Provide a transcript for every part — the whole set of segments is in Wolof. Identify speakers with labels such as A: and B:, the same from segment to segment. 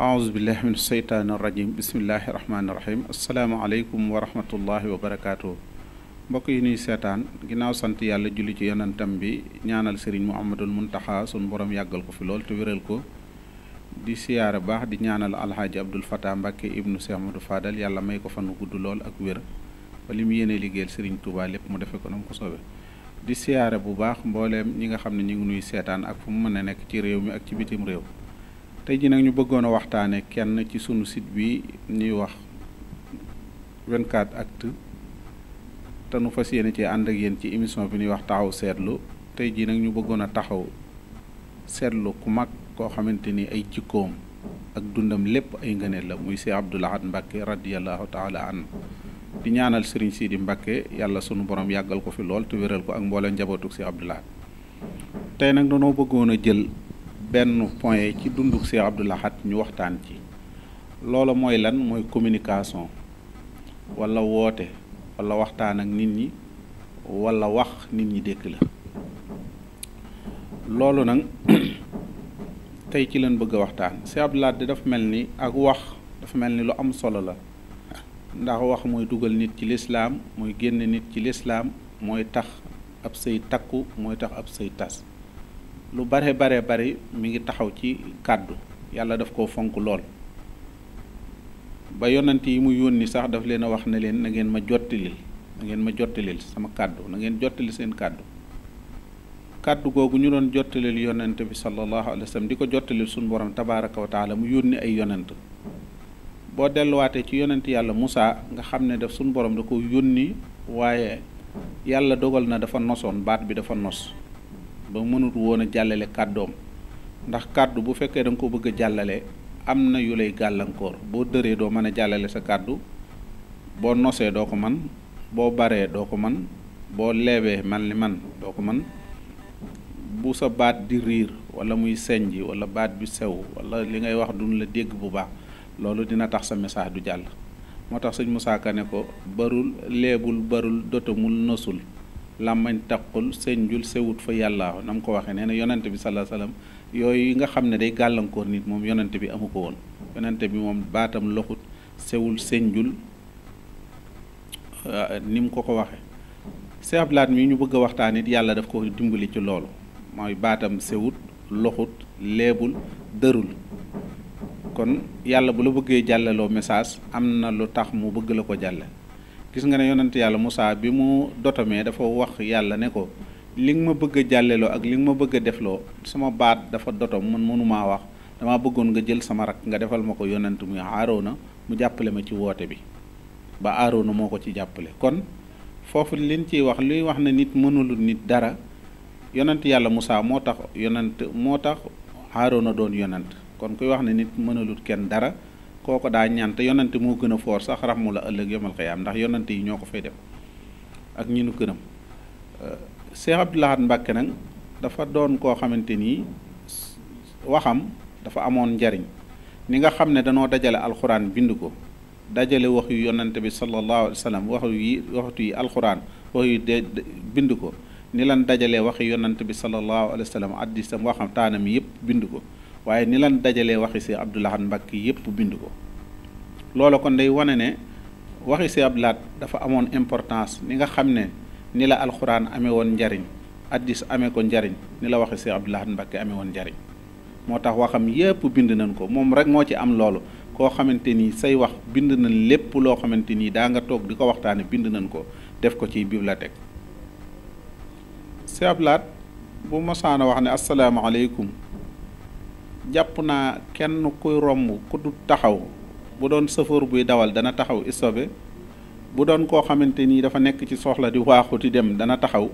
A: aousubillah min asheytaani irajim bismillahi irahmaaniirahim asalaamaaleykum wa rahmatullahi wa barakaatu mbokk yi nuy seetaan ginnaaw sant yàlla julli ci yonentam bi ñaanal sëriñ muhammadul muntaxa suñu borom yàggal ko fi lool te wéral ko di siyaare baax di ñaanal alxaaji abdul fata mbàkke ibnu seex amadu fadal yàlla may ko fanu gudd lool ak wér ba li mu yéene liggéeyal sëriñ tuubaa lépp mu defe ko nam ko soobee di siyaare bu baax mbooleem ñi nga xam ne ñu ngi nuy seetaan ak fu mu mën nekk ci réew mi ak ci bitim réew tey ji nag ñu bëggoon a waxtaane kenn ci sunu site bi ñuy wax 24 actu te nu fas yéene ci ànd ak yéen ci émission bi nuy wax taxaw seetlu tey jii nag ñu bëggoon a taxaw seetlu ku mag koo xamante ni ay jikkoom ak dundam lépp ay ngëneel la muy Cheikh Abdoul Ahad Mbacké radiyallahu taala an di ñaanal Serigne Sidi Mbacké yàlla sunu boroom yàggal ko fi lool te wéral ko ak mboolem njabootu Cheikh Abdoul tey nag danoo bëggoon jël benn point ci dundu Cheikh Abdou Lahad ñu waxtaan ci loolu mooy lan mooy communication walla woote wala waxtaan ak nit ñi wala wax nit ñi dégg la loolu nag tey ci lañ bëgg a waxtaan Cheikh Abdou di dafa mel ni ak wax dafa mel ni lu am solo la ndax wax mooy dugal nit ci lislaam mooy génn nit ci lislaam mooy tax ab sëy takku mooy tax ab sëy tas lu bare bare bari mi ngi taxaw ci kàddu yàlla daf koo fonk lool ba yonent yi mu yónni sax daf leen wax ne leen na ngeen ma jottilil na ngeen ma jottilil sama kàddu na ngeen jottali seen kàddu kàddu googu ñu doon jottalil yonent bi sallallahu alayhi wa di ko jottalil suñu borom tabaaraka wa taala mu yónni ay yonent boo delluwaatee ci yonent yàlla musaa nga xam ne daf suñu borom da ko yónni waaye yàlla dogal na dafa nosoon baat bi dafa nos ba mënut woon a jàllale kàddoom ndax kàddu bu fekkee da ko bëgg a jàllale am na yu lay gàllankoor boo dëree doo mën a jàllale sa kàddu boo nosee doo ko man boo baree doo ko man boo leebee man ni man doo ko man bu sa baat di riir wala muy ji wala baat bi sew wala li ngay wax duñ la dégg bu baax loolu dina tax sa message du jàll moo tax sëñ Moussa Ka ne ko barul leebul barul dotamul nosul làmmañ taqul seen jul sewut fa yàlla na mu ko waxee nee na yonante bi salaa salaam yooyu nga xam ne day gàllankoor nit moom yonante bi amu ko woon yonante bi moom baatam loxut sewul seen jul ah, ni mu ko ko waxe Cheikh laat ñu bëgg a waxtaan it yàlla daf ko dimbali ci loolu mooy baatam sewut loxut leebul dërul kon yàlla bu la bëggee jàllaloo message am na lu tax mu bëgg la ko jàlle gis nga ne yonent yàlla musaa bi mu doto dotamee dafa wax yàlla ne ko li nga ma bëgg jàlleeloo ak li nga ma bëgg a defloo sama baat dafa dotom man mënumaa wax damaa bëggoon nga jël sama rak nga defal ma ko yonent muy Aaroona mu jàppale ma ci woote bi ba Aaroona moo ko ci jàppale kon foofu liñ ciy wax luy wax ne nit mënulul nit dara yonent yàlla Moussa moo tax yonent moo tax Aaroona doon yonent kon kuy wax ne nit mënulul kenn dara kooko daa ñaan te yonante moo gën a foor sax raxmu la ëllëg yomal xiyaam ndax yonante yi ñoo ko fay def ak ñi nu gënam euh, Cheikh Abdou Lahad nag dafa doon koo xamante ni waxam dafa amoon njariñ ni nga xam ne danoo dajale alxuraan bind ko dajale wax yu yonante bi sallallahu alayhi wa sallam wax yi yi alxuraan wax yu de bind ko ni lan dajalee waxi yonante bi sallallahu alayhi wa sallam addisam waxam taanam yëpp bind ko waaye ni lan dajalee waxi si Abdou Lahad Mbacké yépp bind ko loola kon day wane ne waxi si Abdou Lahad dafa amoon importance ni nga xam ne ni la alxuraan amee woon njariñ addis amee ko njariñ ni la waxi si Abdou Lahad Mbacké amee woon njariñ moo tax waxam yépp bind nañ ko moom rek moo ci am loolu koo xamante ni say wax bind nañ lépp loo xamante nii daa nga toog di ko waxtaane bind nañ ko def ko ci bibliothèque si Abdou Lahad bu mosaana wax ne asalaamaaleykum jàpp naa kenn kuy romb ku du taxaw bu doon sëfoor buy dawal dana taxaw istobe bu doon koo xamante nii dafa nekk ci soxla di waaxu di dem dana taxaw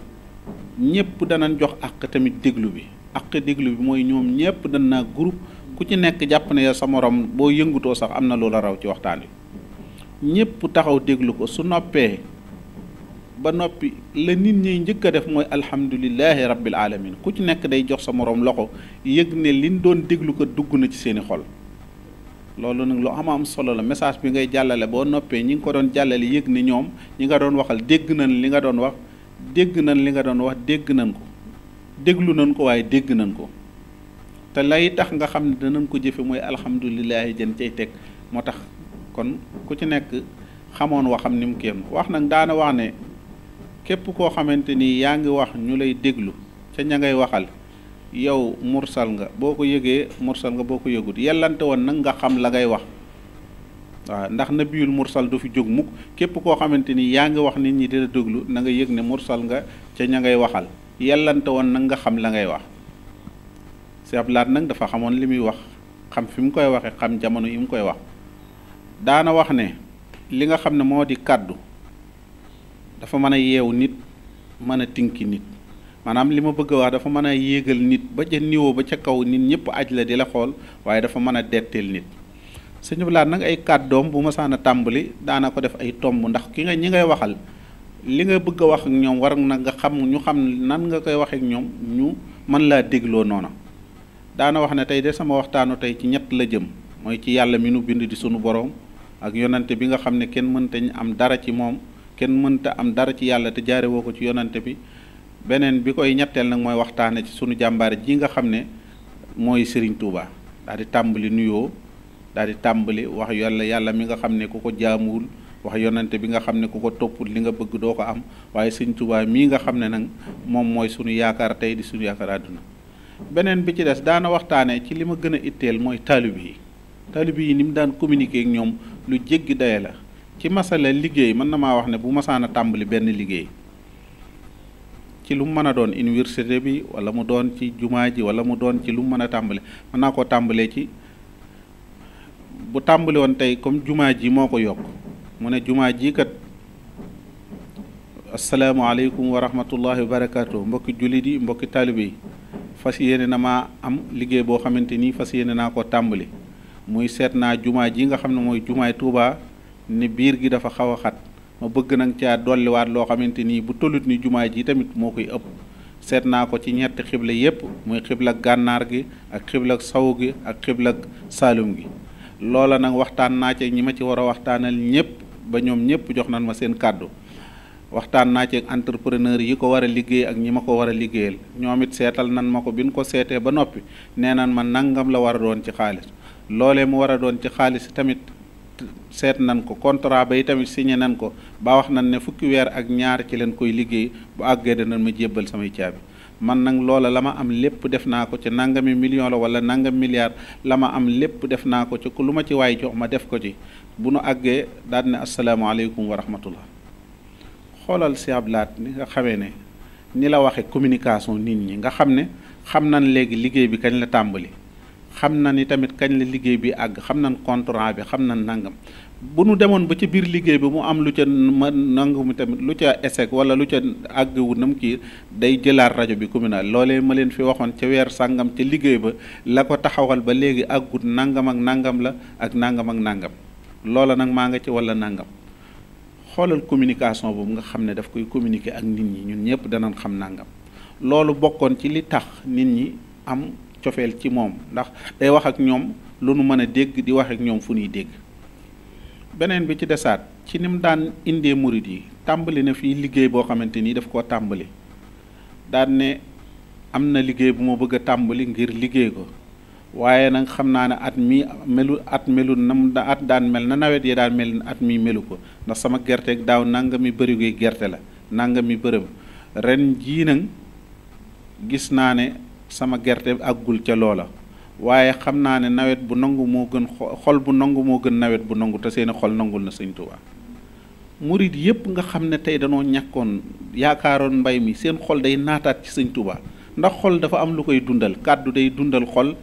A: ñëpp danañ jox àq tamit déglu bi àq déglu bi mooy ñoom ñëpp dan naa groupe ku ci nekk jàpp ne sa morom boo yëngutoo sax am na loola raw ci waxtaan wi ñëpp taxaw déglu ko su noppee ba noppi la nit ñiy njëkk a def mooy alhamdulilahi rabbil alamin ku ci nekk day jox sa moroom loxo yëg ne liñ doon déglu ko dugg na ci seeni xol loolu nag lu am am solo la message bi ngay jàllale boo noppee ñi nga ko doon jàllale yëg ne ñoom ñi nga doon waxal dégg nañ li nga doon wax dégg nañ li nga doon wax dégg nañ ko déglu nañ ko waaye dégg nañ ko te lay tax nga xam ne danañ ko jëfe mooy alhamdulilahi jën cay teg moo tax kon ku ci nekk xamoon waxam ni mu kéem wax nag daana wax ne képp koo xamante ni yaa ngi wax ñu lay déglu ca ña ngay waxal yow mursal nga boo ko yëgee mursal nga boo ko yëgut yàllante woon nag nga xam la ngay wax waaw ndax nabiyul mursal du fi jóg mukk képp koo xamante ni yaa ngi wax nit ñi dina déglu na nga ne mursal nga ca ña ngay waxal yellante woon nag nga xam la ngay wax Cheikh Laat nag dafa xamoon li muy wax xam fi mu koy waxee xam jamono yi mu koy wax daana wax ne li nga xam ne moo di kàddu dafa mën a yeewu nit mën a tinki nit maanaam li ma bëgg a wax dafa mën a yéegal nit ba ca niveau ba ca kaw nit ñëpp aj la di la xool waaye dafa mën a detteel nit sëñ bi nag ay kàddoom bu ma saan tàmbali daana ko def ay tomb ndax ki nga ñi ngay waxal li nga bëgg a wax ak ñoom war na nga xam ñu xam nan nga koy waxee ñoom ñu mën laa dégloo noona daana wax na tey de sama waxtaanu tey ci ñett la jëm mooy ci yàlla mi nu bind di suñu borom ak yonante bi nga xam ne kenn mënta ñu am dara ci moom kenn mënta am dara ci yàlla te jaare woo ko ci yonante bi beneen bi koy ñetteel nag mooy waxtaane ci sunu jàmbaar ji nga xam ne mooy sëriñ Touba daal tàmbali nuyoo daal di tàmbali wax yàlla yàlla mi nga xam ne ku ko jaamuwul wax yonante bi nga xam ne ku ko toppul li nga bëgg doo ko am waaye Serigne Touba mii nga xam ne nag moom mooy sunu yaakaar tey di sunu yaakaar àdduna beneen bi ci des daana waxtaane ci li ma gën a itteel mooy taalib yi taalib yi ni mu daan communiquer ak ñoom lu jéggi daye la ci masala liggéey mën na maa wax ne bu masaan a tàmbali benn liggéey ci lu mu mën a doon université bi wala mu doon ci jumaa ji wala mu doon ci lu mu mën a tàmbali mën naa koo tàmbalee ci bu tàmbali woon tey comme jumaa ji moo ko yokk mu ne jumaa ji kat asalaamaaleykum wa rahmatullahi wa barakaatu mbokki jullit yi mbokki taalibe yi fas yéene na maa am liggéey boo xamante ni fas yéene naa ko tàmbali muy seet naa jumaa ji nga xam ne mooy jumaay Tuubaa ni biir gi dafa xaw a xat ma bëgg nag caa dolliwaat loo xamante ni bu tollut ni jumaa ji tamit moo koy ëpp seet naa ko ci ñetti xibla yépp muy xibla gànnaar gi ak xibla saw gi ak xibla saalum gi loola nag waxtaan naa ci ñi ma ci war a waxtaanal ñépp ba ñoom ñépp jox nañ ma seen kàddu waxtaan naa ci entrepreneur yi ko war a liggéey ak ñi ma ko war a liggéeyal ñoom it seetal nan ma ko bi nu ko seetee ba noppi nee nan ma nangam la war a doon ci xaalis loolee a doon ci xaalis tamit seet nan ko contrat ba yi tamit signé nan ko ba wax nan ne fukki weer ak ñaar ci leen koy liggéey bu àggee danañ ma jébbal samay caabi man nag loola la ma am lépp def naa ko ci nangami million la wala nangam milliard la ma am lépp def naa ko ci ku lu ma ci waay jox ma def ko ci bu nu àggee daal ne asalaamaaleykum wa rahmatullah xoolal si ab ni nga xamee ne ni la waxe communication nit ñi nga xam ne xam nan léegi liggéey bi kañ la tàmbali xam na ni tamit kañ la liggéey bi àgg xam na contrat bi xam na nangam bu nu demoon ba ca biir liggéey bi mu am lu ca ma nangu tamit lu ca échec wala lu ca àggwu nam kii day jëlaat rajo bi communal loole ma leen fi waxoon ca weer sàngam ca liggéey ba la ko taxawal ba léegi àggut nangam ak nangam la ak nangam ak nangam loola nag maa nga ci walla nangam xoolal communication boobu nga xam ne daf koy communiquer ak nit ñi ñun ñëpp danañ xam nangam loolu nit ñi am cofeel ci moom ndax day wax ak ñoom lu nu mën a dégg di wax ak ñoom fu ñuy dégg beneen bi ci desaat ci ni daan indee murit yi tàmbali na fii liggéey boo xamante nii daf koo tàmbali daan ne am na liggéey bu ma bëgg a tàmbali ngir liggéey ko waaye nag xam naa ne at mi melu at melu na at daan mel na nawet yi daan mel at mi melu ko ndax sama gerte daaw nanga mi bërigoy gerte la nanga mi bërëm ren jii nag gis naa ne sama gerte àggul ca loola waaye xam naa ne nawet bu nangu moo gën xol bu nangu moo gën nawet bu nangu te seeni xol nangul na sëñ Tuubaa murit yépp nga xam ne tey danoo ñàkkoon yaakaaroon mbay mi seen xol day naataat ci sëñ Tuubaa ndax xol dafa am lu koy dundal kàddu day dundal xol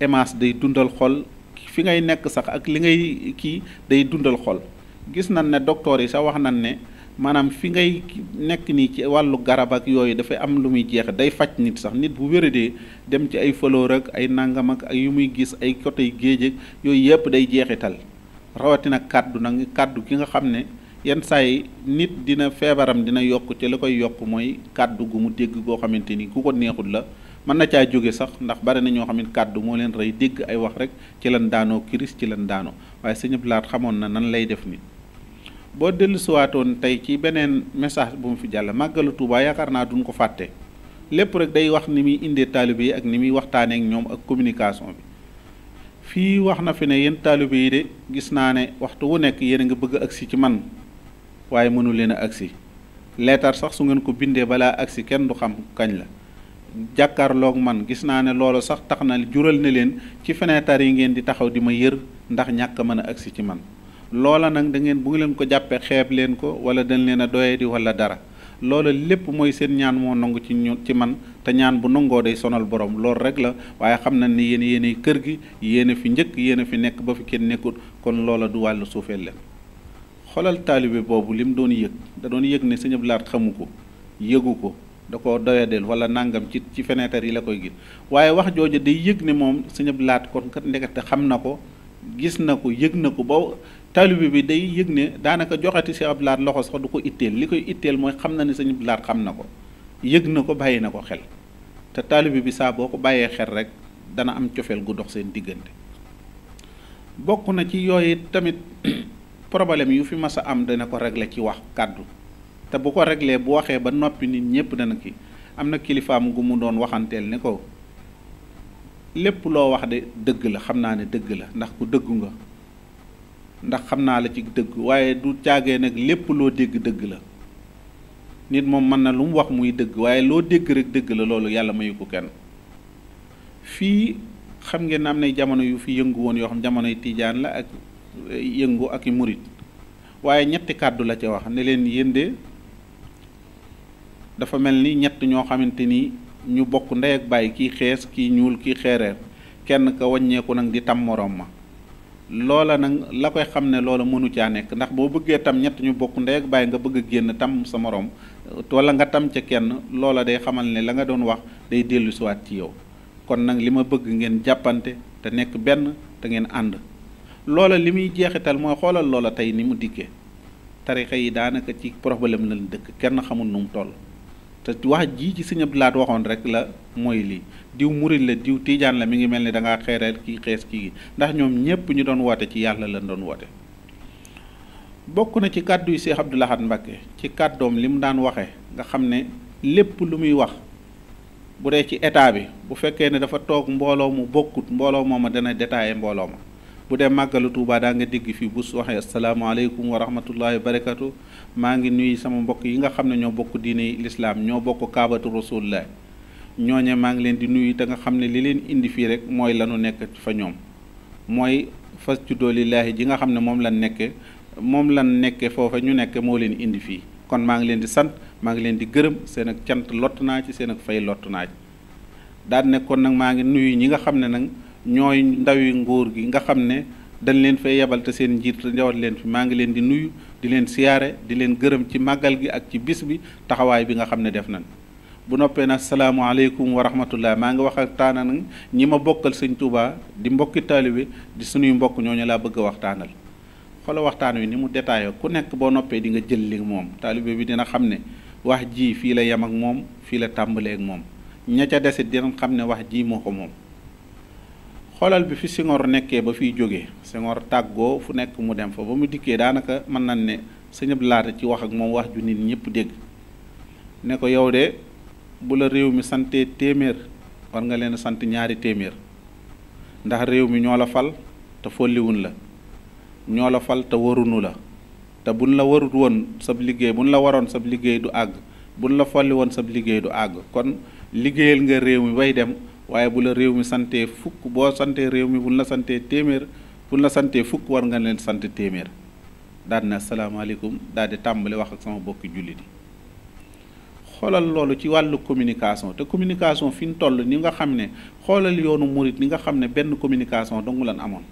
A: émence day dundal xol fi ngay nekk sax ak li ngay kii day dundal xol gis na ne docteur yi sax wax na ne maanaam fi ngay nekk nii ci wàllu garab ak yooyu dafay am lu muy jeex day faj nit sax nit bu wéradee dem ci ay fëloor ak ay nangam ak yu muy gis ay côté géej ak yooyu yëpp day jeexital rawatina kàddu nag kàddu gi nga xam ne yenn saa yi nit dina feebaram dina yokk ci li koy yokk mooy kàddu gu mu dégg goo xamante ni ku ko neexul la mën na caa jóge sax ndax bari na ñoo xam ne kàddu moo leen rey dégg ay wax rek ci lan daanoo kiris ci lan daanoo waaye sëñ Abdu xamoon na nan lay def nit boo dellusiwaatoon tey ci beneen message bu mu fi jàll màggalu Touba yaakaar naa duñ ko fàtte lépp rek day wax ni muy indee taalibe yi ak ni muy waxtaanee ñoom ak communication bi fii wax na fi ne yéen taalibe yi de gis naa ne waxtu wu nekk yéen a nga bëgg a agsi ci man waaye mënu leen a agsi leetar sax su ngeen ko bindee balaa agsi kenn du xam kañ la jàkkaarloog man gis naa ne loolu sax tax na jural na leen ci fenêtre yi ngeen di taxaw di ma yër ndax ñàkk mën a agsi ci man loola nag dangeen ngeen bu ngi leen ko jàppee xeeb leen ko wala dañ leen a doye di wala dara loola lépp mooy seen ñaan moo nangu ci ñu ci man te ñaan bu nangoo day sonal boroom loolu rek la waaye xam na ni yéen yéenay kër gi yéen fi njëkk yéen a fi nekk ba fi kenn nekkul kon loola du wàllu suufee leen xolal taalibe boobu li mu doon yëg da doon yëg ne sëñ Abdu xamu ko yëgu ko da ko doyadeel wala nangam ci ci fenêtre yi la koy gis waaye wax jooju day yëg ne moom sëñ Abdu Lahat kon kat ndekete xam na ko gis na ko yëg na ko ba taalibe bi day yëg ne daanaka joxati Cheikh Abdou Lahad loxo sax du ko itteel li koy itteel mooy xam na ne Sëñ Abdou Lahad xam na ko yëg na ko bàyyi na ko xel te taalibe bi saa boo ko bàyyee xel rek dana am cofeel gu dox seen diggante bokk na ci yooyu tamit problème yu fi mas a am dana ko régler ci wax kàddu te bu ko régler bu waxee ba noppi nit ñépp dana ki am na kilifaam gu mu doon waxanteel ne ko lépp loo wax de dëgg la xam naa ne dëgg la ndax ku nga ndax xam naa la ci dëgg waaye du caagee nag lépp loo dégg dëgg la nit moom mën na lum wax muy dëgg waaye loo dégg rek dëgg la loolu yàlla mayu ko kenn fii xam ngeen am nay jamono yu fi yëngu woon yoo xam jamonoy tiijaan la ak yëngu ak i murit waaye ñetti kàddu la ca wax ne leen yénde dafa mel ni ñett ñoo xamante ni ñu bokk ndey ak bàyyi kii xees kii ñuul kii xeereer kenn ka wàññeeku nag di tam moroom ma loola nag la koy xam ne loola mënu caa nekk ndax boo bëggee tam ñett ñu bokk ndey ak bàyyi nga bëgg a génn tam sa morom euh, wala nga tam ca kenn loola day xamal ne la nga doon wax day dellu siwaat ci yow kon nag li ma bëgg ngeen jàppante te nekk benn te ngeen ànd loola li muy jeexital mooy xoolal loola tey ni mu dikkee tarixa yi daanaka ci problème lañ dëkk kenn xamul nu mu toll te wax jii ci sëñ laat waxoon rek la mooy lii diw murid la diw tiijaan la mi ngi mel ni da ngaa xeeral kii xees kii ndax ñoom ñépp ñu doon woote ci yàlla lan doon woote bokk na ci kàddu yi Cheikh Abdou Lahad Mbacké ci kàddoom li mu daan waxe nga xam ne lépp lu muy wax bu dee ci état bi bu fekkee ne dafa toog mbooloo mu bokkut mbooloo mooma dana détaillé mbooloo ma bu dee màggalu Tuubaa daa nga dégg fii bu su waxee asalaamaaleykum wa rahmatullahi wa barakatu maa ngi nuyu sama mbokk yi nga xam ne ñoo bokk diine lislaam ñoo bokk kaabatu rasulullah ñooñe maa ngi leen di nuyu te nga xam ne li leen indi fii rek mooy lanu nekk fa ñoom mooy fas juddoo lillaahi ji nga xam ne moom lan nekkee moom lan nekkee foofa ñu nekk moo leen indi fii kon maa ngi leen di sant maa ngi leen di gërëm seen ak cant lott naa ci seen fay lott ñi nga xam ne nag ñooy ndawi nguur gi nga xam ne dañ leen fay yebal te seen njiit njawat leen fi maa ngi leen di nuyu di leen siyaare di leen gërëm ci màggal gi ak ci bis bi taxawaay bi nga xam ne def nañ bu noppee na salaamaaleykum wa rahmatullah maa ngi wax ak taanan ñi ma bokkal sëñ Touba di mbokki taalibe di suñuy mbokk ñooñu laa bëgg a waxtaanal xolo waxtaan wi ni mu détaillé ku nekk boo noppee di nga jël li moom taalibe bi dina xam ne wax ji fii la yem ak moom fii la tàmbalee ak moom ña ca desit xam ne wax ji moo ko moom xoolal bi fi Senghor nekkee ba fiy jógee Senghor tàggoo fu nekk mu dem fa ba mu dikkee daanaka mën nañ ne sëñ Abdou laata ci wax ak moom wax ju nit ñëpp dégg ne ko yow de bu la réew mi sante téeméer war nga leen sant ñaari téeméer ndax réew mi ñoo la fal te folliwun la ñoo la fal te warunu la te buñ la warut woon sab liggéey buñ la waroon sab liggéey du àgg buñ la folli woon sab liggéey du àgg kon liggéeyal nga réew mi bay dem waaye bu la réew mi santee fukk boo sante réew mi bu ñu la santee téeméer bu ñu la santee fukk war nga leen sant téeméer daadina na asalaamaaleykum daal di tàmbali wax ak sama bokki jullit yi xoolal loolu ci wàllu communication te communication fi ñu toll ni nga xam ne xoolal yoonu murit ni nga xam ne benn communication dong lan amoon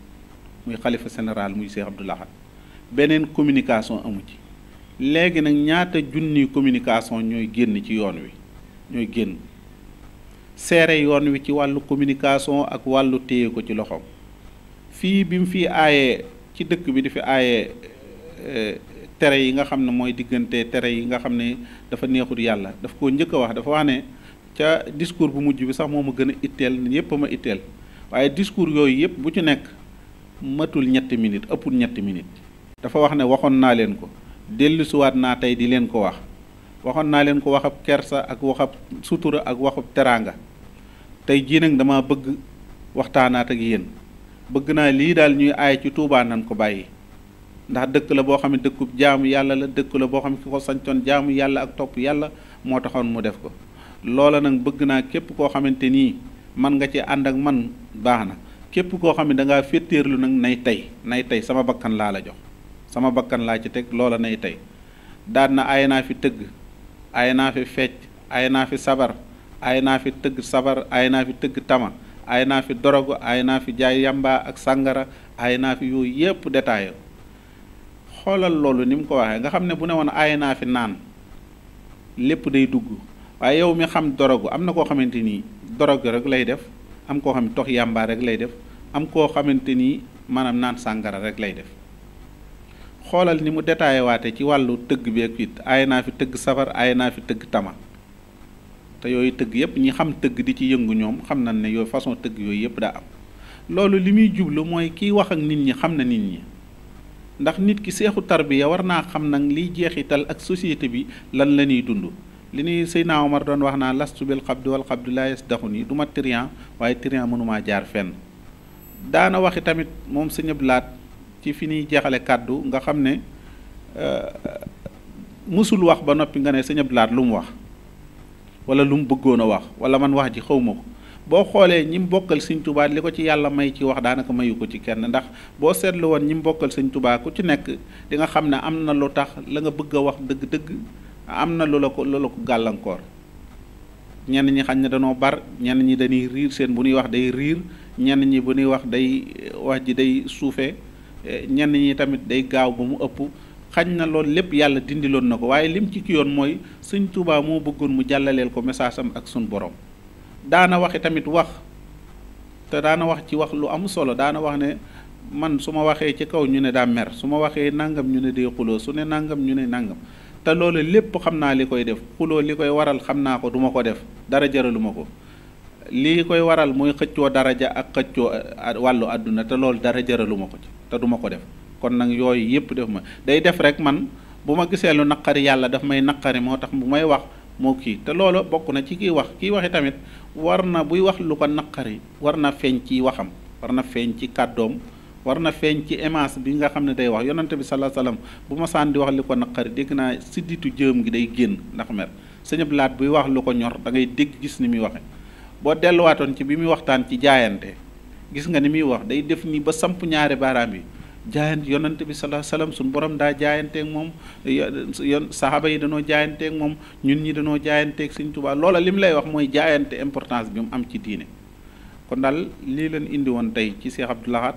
A: muy xalifa général muy Cheikh Abdou Lahad beneen communication amu ci léegi nag ñaata junni communication ñooy génn ci yoon wi ñooy génn seere yoon wi ci wàllu communication ak wàllu téye ko ci loxoom fii bi mu fi aayee ci dëkk bi di fi aaye eh, tere yi nga xam ne mooy diggante tere yi nga xam ne dafa neexul yàlla daf koo njëkk a wax dafa wax ne ca discours bu mujj bi sax moom ma gën a itteel yépp ma itteel waaye discours yooyu yépp bu ci nekk matul ñetti minute ëppul ñetti minute dafa wax ne waxoon naa leen ko dellusiwaat naa tey di leen ko wax waxoon naa leen ko waxab kersa ak waxab sutura ak waxab teraanga tey jii nag dama bëgg waxtaanaat ak yéen bëgg naa lii daal ñuy aay ci Touba nan ko bàyyi ndax dëkk la boo xam ne dëkkub jaamu yàlla la dëkk la boo xam ne ki ko sancoon jaamu yàlla ak topp yàlla moo taxoon mu def ko loola nag bëgg naa képp koo xamante nii man nga ci ànd ak man baax na képp koo xam ne da ngaa nag nay tey nay tey sama bakkan laa la jox sama bakkan laa ci teg loola nay tey daan na aay naa fi tëgg aay naa fi fecc ay naa fi sabar ay naa fi tëgg sabar ay naa fi tëgg tama ay naa fi dorogo ay naa fi jaay yamba ak sàngara ay naa fi yooyu yépp détaillé xoolal loolu ni mu ko waxee nga xam ne bu ne woon ay naa fi naan lépp day dugg waaye yow mi xam dorogo am na koo xamante ni dorogo rek lay def am koo xam ne tox yamba rek lay def am koo xamante ni maanaam naan sàngara rek lay def xoolal ni mu détaillé waate ci wàllu tëgg beeg it ay naa fi tëgg sabar ay naa fi tëgg tama te yooyu tëgg yëpp ñi xam tëgg di ci yëngu ñoom xam nañ ne yooyu façon tëgg yooyu yëpp daa am loolu li muy jublu mooy kiy wax ak nit ñi xam na nit ñi ndax nit ki seexu tarbiya war naa xam nag liy jeexital ak société bi lan la ñuy dund li ñuy Seydina Omar doon wax naa lastu xab di wal xabdi laa yasdaxu ni du ma trian waaye trian mënumaa jaar fenn daana waxi tamit moom sëñëb laat ci fi ñuy jeexale kàddu nga xam ne euh, mësul wax ba noppi nga ne sëñëb laat lu mu wax wala lu mu bëggoon a wax wala man wax ji xaw ma ko boo xoolee ñi mu bokkal sëñ tubaa li ko ci yàlla may ci wax daanaka mayu ko ci kenn ndax boo seetlu woon ñi mu bokkal sëñ tubaa ku ci nekk di nga xam ne am na lu tax la nga bëgg a wax dëgg-dëgg am na lu la ko lu la ko gàllankoor ñenn ñi xam ne dañoo bar ñenn ñi dañuy riir seen bu ñuy wax day riir ñenn ñi bu ñuy wax day wax ji day suufee eh, ñenn ñi tamit day gaaw ba mu ëpp xañ na loolu lépp yàlla dindiloon na ko waaye lim ci ki yoon mooy suñ Tuubaa moo bëggoon mu jàllaleel ko message am ak suñ borom daana waxe tamit wax te daana wax ci wax lu am solo daana wax ne man su ma waxee ci kaw ñu ne daa mer su ma waxee nangam ñu ne dee xuloo su ne nangam ñu ne nangam te loolu lépp xam naa li koy def xuloo li koy waral xam naa ko duma ko def dara jaraluma ko lii koy waral mooy xëccoo daraja ak xëccoo wàllu àdduna te loolu dara jaraluma ko ci te duma ko def kon nag yooyu yëpp def ma day def rek man bu ma gisee lu naqari yàlla daf may naqari moo tax bu may wax moo kii te loolu bokk na ci kiy wax kiy waxi tamit war na buy wax lu ko naqari war na feeñ ci waxam war na feeñ ci kàddoom war na feeñ ci émence bi nga xam ne day wax yonante bi salaa salaam bu ma saan wax li ko naqari dégg naa sidditu jëm gi day génn ndax mer sëñ Abdu Laat buy wax lu ko ñor da ngay dégg gis ni muy waxe boo delluwaatoon ci bi muy waxtaan ci jaayante gis nga ni muy wax day def ni ba samp ñaari baaraam yi jaayant yonante bi salaa salaam suñu borom daa jaayanteek moom yon saxaaba yi danoo jaayanteeg moom ñun ñi danoo jaayanteeg Sëñ Tuubaa loola li mu lay wax mooy jaayante importance bi mu am ci diine kon daal lii leen indi woon tey ci Cheikh Abdou Lahad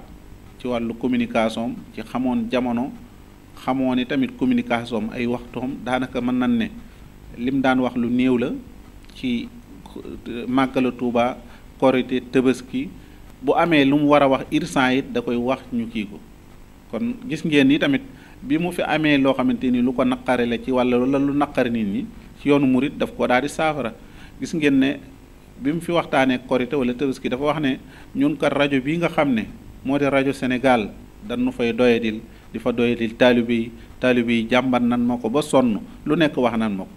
A: ci wàllu communication ci xamoon jamono xamoon ni tamit communication ay waxtoom daanaka mën nan ne lim daan wax lu néew la ci màggala Tuubaa korite tëbaski bu amee lu mu war a wax irsan it da koy wax ñu kii ko kon gis ngeen ni tamit bi mu fi amee loo xamante ni lu ko naqare la ci walla la lu naqari nit ñi ci yoonu murit daf ko daal di saafara gis ngeen ne bi mu fi waxtaanee korite walla tabaski dafa wax ne ñun kat rajo bii nga xam ne moo di rajo Sénégal dañu fay doyadil di fa doyadil taalibe yi taalibe yi jàmbat nan ma ko ba sonn lu nekk wax nan ma ko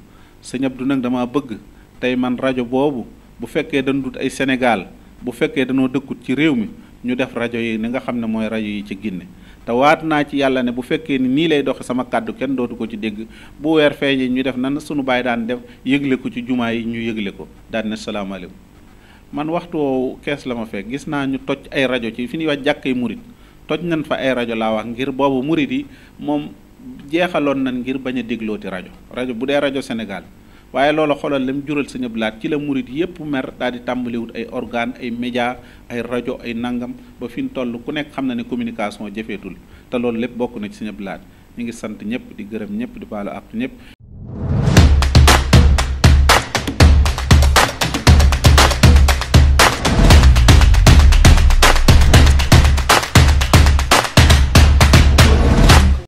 A: sëñ du nag dama bëgg tey man rajo boobu bu fekkee dañu dut ay Sénégal bu fekkee dañoo dëkkut ci réew mi ñu def rajo yi ni nga xam ne mooy rajo yi ci Guinée te waat naa ci yàlla ne bu fekkee ni nii lay doxe sama kàddu kenn dootu ko ci dégg bu weer feeñee ñu def nan sunu baay daan def yëgle ko ci jumaa yi ñu yëgle ko daan ne salaamaaleykum man waxtu woowu kees la ma fekk gis naa ñu toj ay rajo ci fi ñuy wax jàkkay murit toj nañ fa ay rajo laa wax ngir boobu murit yi moom jeexaloon nañ ngir bañ a déglooti rajo rajo bu dee rajo senegal waaye loola xoolal lam jural sëñ Abdu ci la murit yépp mer daal di tàmbaliwut ay organe ay média ay rajo ay nangam ba fi ñu toll ku nekk xam na ne communication jafeetul te loolu lépp bokk na ci sëñ Abdu ñu ngi sant ñëpp di gërëm ñëpp di baalu ak ñëpp